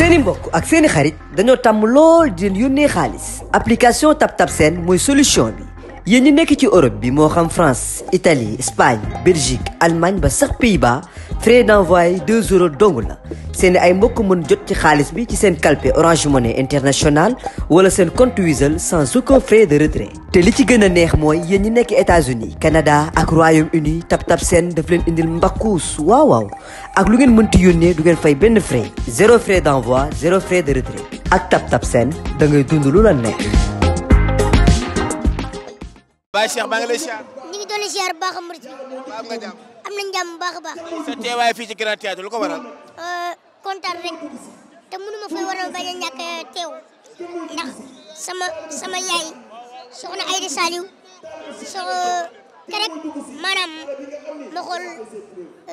seeni mbokk ak seeni xarit dañoo tàmm lool di leen yónnee xaalis application Tab Tab Send mooy solution bi yéen ñi nekk ci Europe bi moo xam France Italie Espagne Belgique Allemagne ba sax pays ba frais d'envoi 2 euros dong la seen ay mbokk mën jot ci xaalis bi ci seen calpe Orange Money International wala seen compte Wizall sans aucun frais de retrait. te li ci gën a neex mooy yéen ñi nekk États-Unis Canada ak Royaume-Uni tap seen daf leen indil mbakkuus waaw ak lu ngeen mënti yónnee du ngeen fay benn frais zéro frais d'envoi zéro frais de retrait ak TapTap da ngay dund lu la neex. Baye Cheikh maa ngi lay siyaar. ñu ngi doon siyaar bu baax a murit bi. am nga jàmm. baax a baax. sa teewaay fii ci Grand Théâtre lu ko waral. Euh, kontaan rek te mënu ma fay waral bañ a ñàkk teew ndax sama sama yaay soxna Aïda Saliou sox kerek maanaam ma xool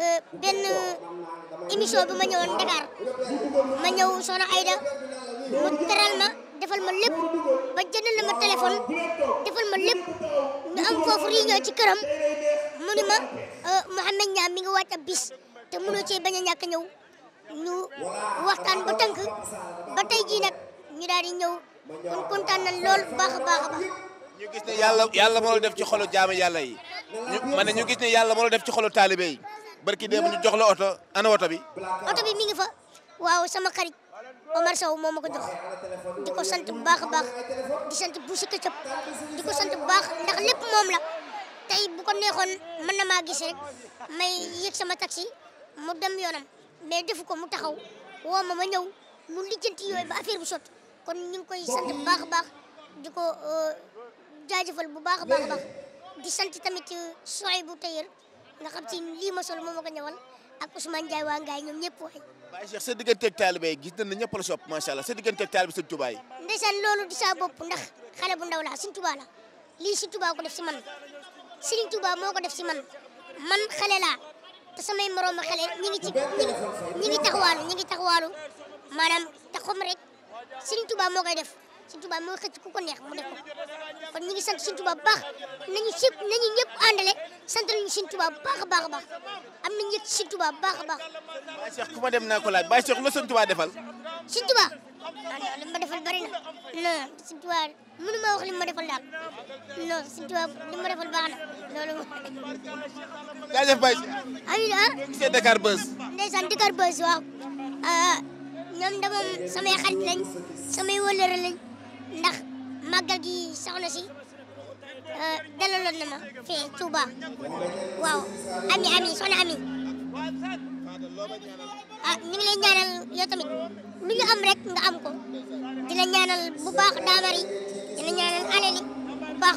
euh, benn émission bi ma ñëwoon Dakar ma ñëw soxna Aïda mu teral ma. defal ma lépp ba jëndal na ma téléphone defal ma lépp ñu am foofu réunion ci këram mu ma euh, Mouhamed Niang mi ngi waaj ab bis te mënoo cee bañ a ñàkk ñëw ñu waxtaan ba tënk ba tey jii nag ñu daal di ñëw kon kontaan na lool baax baax a ñu gis ne yàlla yàlla moo def ci xolu jaamu yàlla yi ñu ma ñu gis ne yàlla moo def ci xolu taalibe yi barki démb ñu jox la oto ana oto bi. oto bi mi ngi fa waaw sama xarit. Omar Sow moo ma ko jox di ko sant bu baax a baax di sant Boucher di ko sant bu baax ndax lépp moom la tey bu ko neexoon mën na maa gis rek may yëg sama taxi mu dem yoonam mais defu ko mu taxaw woo ma ma ñëw mu lijjanti yooyu ba affaire bu sot kon ñu koy sant bu baax a baax di ko euh, jaajëfal bu baax a baax a baax di sant tamit soxay bu tayër nga xam ci lii ma sol moo ma ko ñëwal ak Ousmane Ndiaye waa Ngaye ñoom ñëpp waay Baye Cheikh sa digganteeg taalibe gis nañ ne ñëpp la sopp macha allah sa digganteeg taalibe sëñ Touba yi. ndeysaan loolu di sa bopp ndax xale bu ndaw laa sëñ Touba la lii sëñ Touba ko def si man sëñ Touba moo ko def si man man xale laa te samay moroomu xale ñi ngi ci ñi ngi taxawaalu ñi ngi taxawaalu maanaam moo koy def. Sëñ Tuubaa mooy xëcc ku ko neex mu def ko kon ñu ngi sant Sëñ Tuubaa bu baax nañu sëpp nañu ñëpp àndale sant nañu Sëñ Tuubaa bu baax a baax a baax am nañu yëg Sëñ Tuubaa bu baax a baax. Baye Cheikh ku ma dem naa ko laaj Baye Cheikh lu Sëñ Tuubaa defal. Sëñ Tuubaa ah non li ma defal bari na non Sëñ Tuubaa mënu ma wax li ma defal daal non Sëñ Tuubaa li ma defal baax na loolu. jaajëf Baye Cheikh. amiin ah. gisee Dakar Buzz. ndeysaan Dakar Buzz waaw ah, ah, ñoom dama samay xarit lañ samay wëllëre lañ. ndax màggal gi soxna si euh, dalaloon na ma fee Touba waaw ami ami soxna ami ah ñu ngi lay ñaanal yow tamit nga am ko di la ñaanal bu baax daamari di la ñaanal alali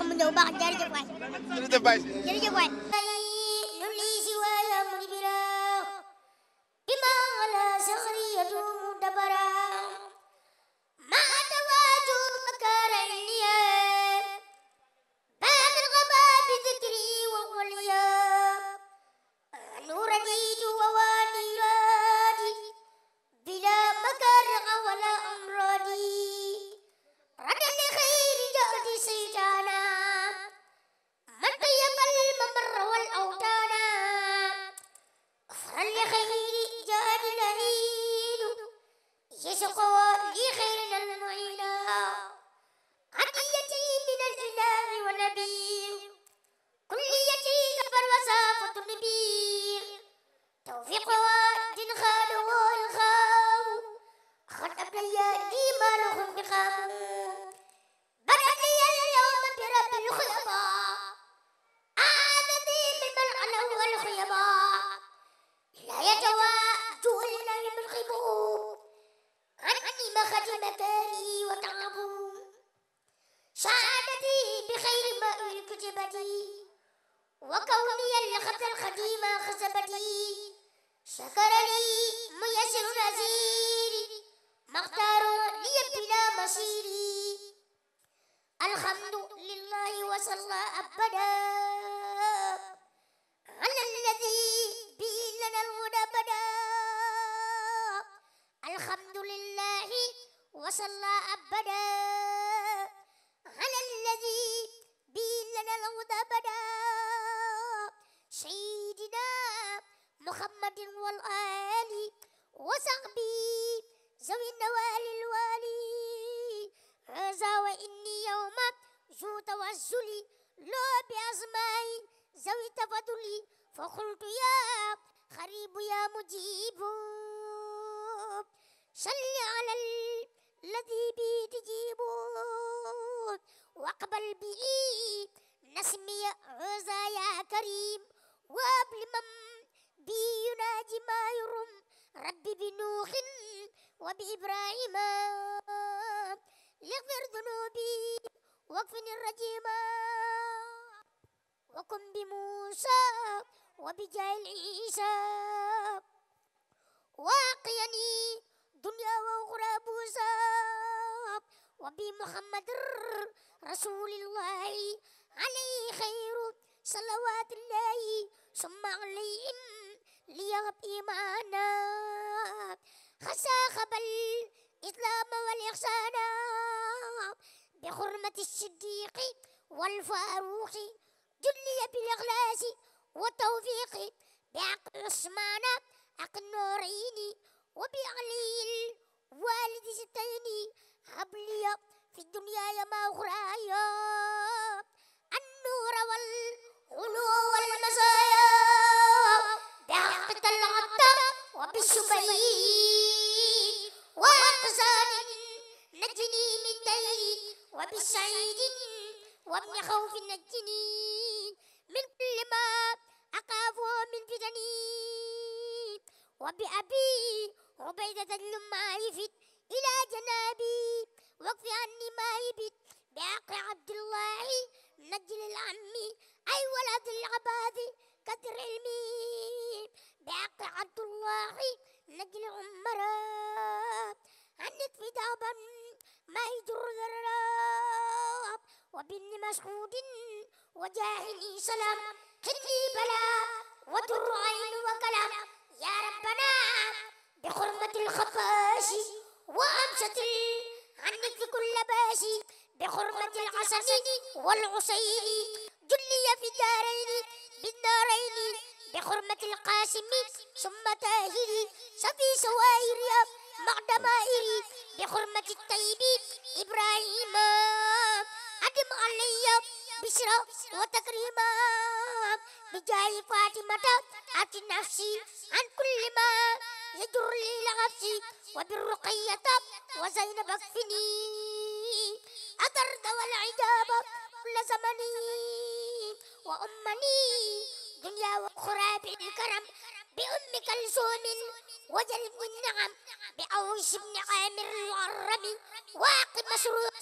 mu ñëw baax jaajëf waay يشقوا لي خيرنا المعينا عطيتي من الإله والنبي كليتي كبر وصافة النبي توفيق دين خاله والخاو خد أبليالي ما لهم بخامو بدأت لي اليوم برب الخيبة أعادني ممن علوا الخيبة كوني اليخت القديم خزبتي شكر لي ميسر نزيري مختار لي بلا مصيري الحمد لله وصلى أبدا على الذي به لنا الهدى بدا الحمد لله وصلى أبدا على الذي به لنا الهدى بدا سيدنا محمد والآل وصحبه ذوي النوال الوالي هذا وإني يوم ذو توسلي لو بأسمائي ذوي تفضلي فقلت يا خريب يا مجيب صل على الذي بي تجيب واقبل به نسمي عزا يا كريم وابل من بي يناجي ما يرم ربي بنوح وبإبراهيم لغفر ذنوبي واكفني الرجيم وكن بموسى وبجاهل عيسى واقيني دنيا وأخرى بوسى وبمحمد رسول الله عليه خير صلوات الله ثم عليهم ليغفي معنا خساخب الإسلام والإحسان بحرمة الصديق والفاروق جلي بالإخلاص والتوفيق بعقل عثمان عقل النورين وبعلي الوالد ستين حبلي في الدنيا ما أخرايا سعيد وابن خوف نجني من كل ما أخاف من فتني وبأبي عبيدة لما يفت إلى جنابي واكف عني ما يبت بعق عبد الله نجل العم أي ولد العباد كثر علمي بعق عبد الله نجل عمره عنك في دابا ما يجر ذرة وبن مسعود وجاهني سلام خذني بلاء ودر عين وكلام يا ربنا بحرمة الخفاشي وأمسة عنك كل باسي بحرمة الحسن والعسين جلي في الدارين بالدارين بحرمة القاسم ثم تاهري سفي سوائر معدمائري بحرمة الطيب إبراهيم أدم علي بشرا وتكريما بجاي فاطمة أتي نفسي عن كل ما يجر لي لغبسي وبالرقية وزينب اكفني أترد والعجاب كل زمني وأمني الدنيا وأخرى بالكرم بأم كلثوم وجلب النعم بأوس بن عامر العربي واقب مسروق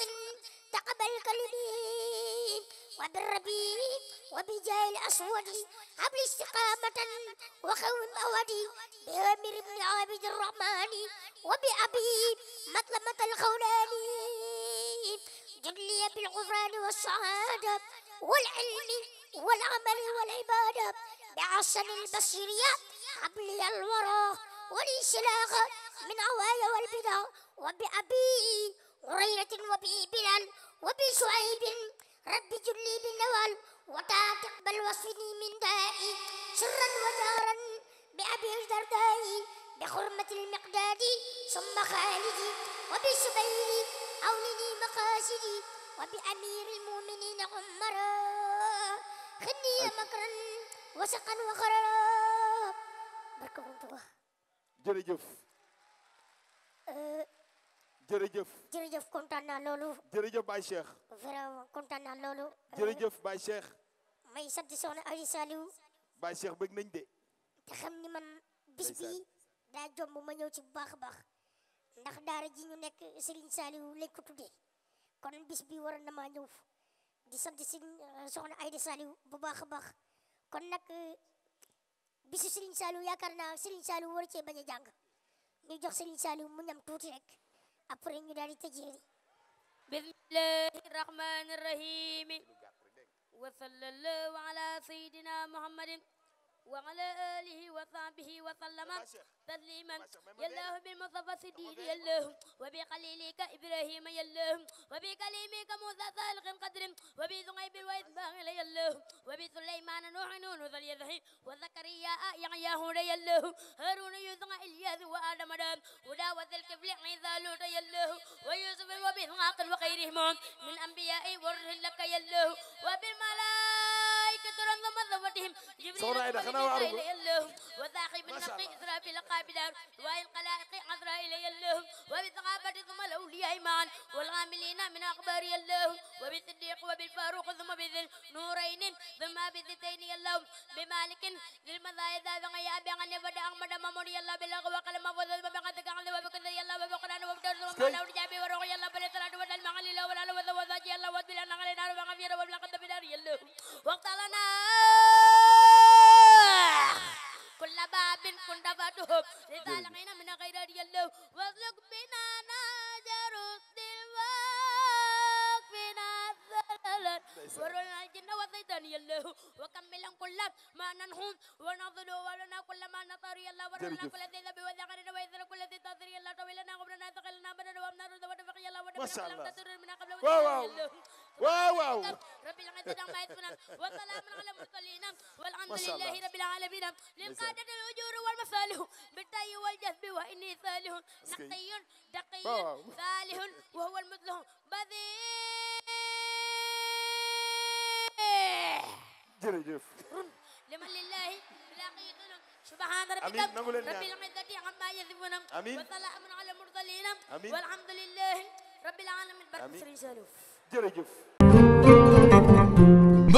تقبل كلبي وبالربيع وبجاه الأسود حبل استقامة وخوم أودي بآمر بن عابد الرحمن وبأبي مطلمة الخولاني جلي بالغفران والسعادة والعلم والعمل والعبادة بأحسن البصريات قبل الورى والانسلاخ من عوايا والبدع وبأبي هريرة وبي بلال وبي شعيب رب جلي بالنوال وتا تقبل وصفني من دائي سرا وجارا بأبي الدرداء بحرمة المقداد ثم خالدي وبسبيلي أولني مقاصدي وبأمير المؤمنين عمرا xindi makran wasaqan wa xarab barka Borom Tuuba jërëjëf jërëjëf jërëjëf kontaan naa loolu jërëjëf Baye Cheikh naa loolu jërëjëf Baye Cheikh may sant soxna Aliou Saliou Baye Cheikh bëgg nañ de te ni man bis bi jomb ma ñëw ci bu baax a baax ndax daara ji ñu nekk Serigne Saliou lañ ko kon bis bi na maa ñëw di sant si eh, soxna Aida Saliou bu baax a baax kon nag eh, bisu Serigne Saliou yaakaar naa Serigne Saliou war cee bañ a jàng ñu jox Serigne Saliou mu ñam tuuti rek après ñu daal di tëjeeri bismillahi rahmani rahim wa sallallahu ala sayyidina muhammadin وعلى آله وصحبه وسلم تسليما يلاه بالمصطفى سديد يلاه وبقليلك إبراهيم يلاه وبكليمك موسى سالق القدر وبزغيب وإسماعيل يلاه وبسليمان نوح نون ذا اليزحي وزكريا يعياه يلاه هارون يوسف إلياس وآدم دام وداوة الكفل عيسى لوط يلاه ويوسف وبإسحاق وغيرهم من أنبياء ورسل لك يلاه وبالملائكة عند مذمتهم جبريل إلي اللهم وذاقي بالنقي إسراء في لقاب دار وإن قلائق عذراء إلي اللهم وبثغابة ثم الأولياء معا والعاملين من أخبار اللهم وبالصديق وبالفاروق ثم بذل نورين ثم بذتين اللهم بمالك ذي المذاهب ذا ذا غياب عن يفد أحمد ممر الله بالأغوى الشيطان ورنا الجن والشيطان يله وكملا كل ما ننهم ونظل ولنا كل ما نطر يلا ورنا كل ذي ذبي وذكرنا ويذر كل ذي تاثر يلا طويلنا غبرنا ثقلنا بنا وامنا رد ودفق يلا ودفق ما شاء الله واو واو واو واو رب العزة عما يصفون وسلام على المرسلين والحمد لله رب العالمين للقادة الأجور والمصالح بالتي والجذب وإني صالح نقي دقي صالح وهو المثله بذيء jërëjëf liman lillahi bilaqiiqi nam subhaana rabbika rabbil izzati amma yasifun wa salaamun ala mursalin walhamdulillahi rabbil alamin barke Serigne Saliou jërëjëf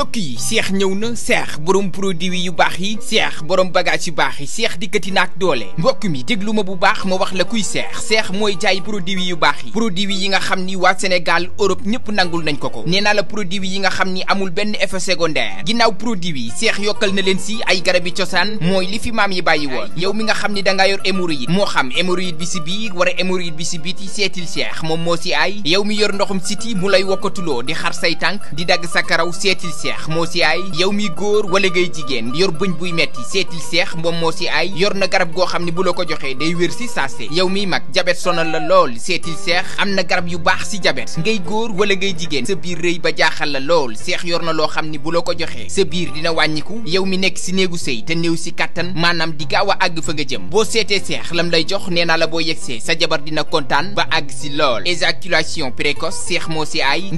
mbokk yi seex ñëw na seex borom produit yu baax yi seex borom bagage yu baax yi seex dikkati naak doole mbokk mi déglu ma bu baax ma wax la kuy seex seex mooy jaay produit yu baax yi produit yi nga xam ni waa Sénégal Europe ñëpp nangul nañ ko ko nee naa la produit yi nga xam ni amul benn effet secondaire ginnaaw produit yi seex yokkal na leen si ay garabi cosaan mooy li fi maam yi bàyyi woon yow mi nga xam ni dangaa yor hémorroïde moo xam hémorroïde bi si biir wala hémorroïde bi si biti seetil seex moom moo si ay yow mi yor ndoxum siti mu lay wokkatuloo di xar say tànk di dagg sa karaw seetil seex moo si aay yow mi góor wala ngay jigéen yor bëñ buy metti seetil seex moom moo si ay yor na garab goo xam ne bu la ko joxee day wér si saase yow miy mag jabet sonal la lool seetil seex am na garab yu baax si jabet ngay góor wala ngay jigéen sa biir rëy ba jaaxal la lool seex yor na loo xam ne bu la ko joxee sa biir dina wàññiku yow mi nekk si néegu sëy te néew si kàttan maanaam di gaaw a àgg fa nga jëm boo seetee seex lam lay jox nee naa la boo yegsee sa jabar dina kontaan ba àgg si lool éjaculation précoce seex moo si aay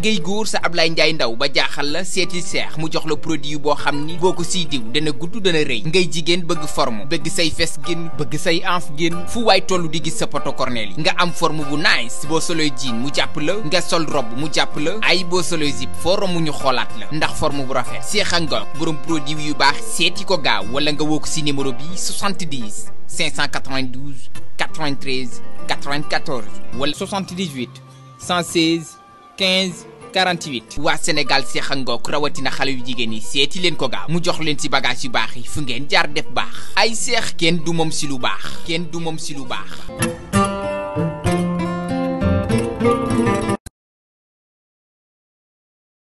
seex mu jox la produit boo xam ni boo ko siy diw dana gudd dana rëy ngay jigéen bëgg forme bëgg say fes génn bëgg say anf génn fu waay toll di gis sa pot cornel yi nga am forme bu nice boo soloy jean mu jàpp la nga sol robe mu jàpp la ay boo soloy zip foo romb ñu xoolaat la ndax forme bu rafet seex a ngoog borom produit yu baax seeti ko gaaw wala nga woo ko si numéro bi 70 592 93 94 wala 78 116 15 48 waa Sénégal seex ngoog rawatina xale yu jigéen yi seeti leen ko gaaw mu jox leen ci bagage yu baax yi fu ngeen jaar def baax ay seex kenn du moom si lu baax kenn du moom si lu baax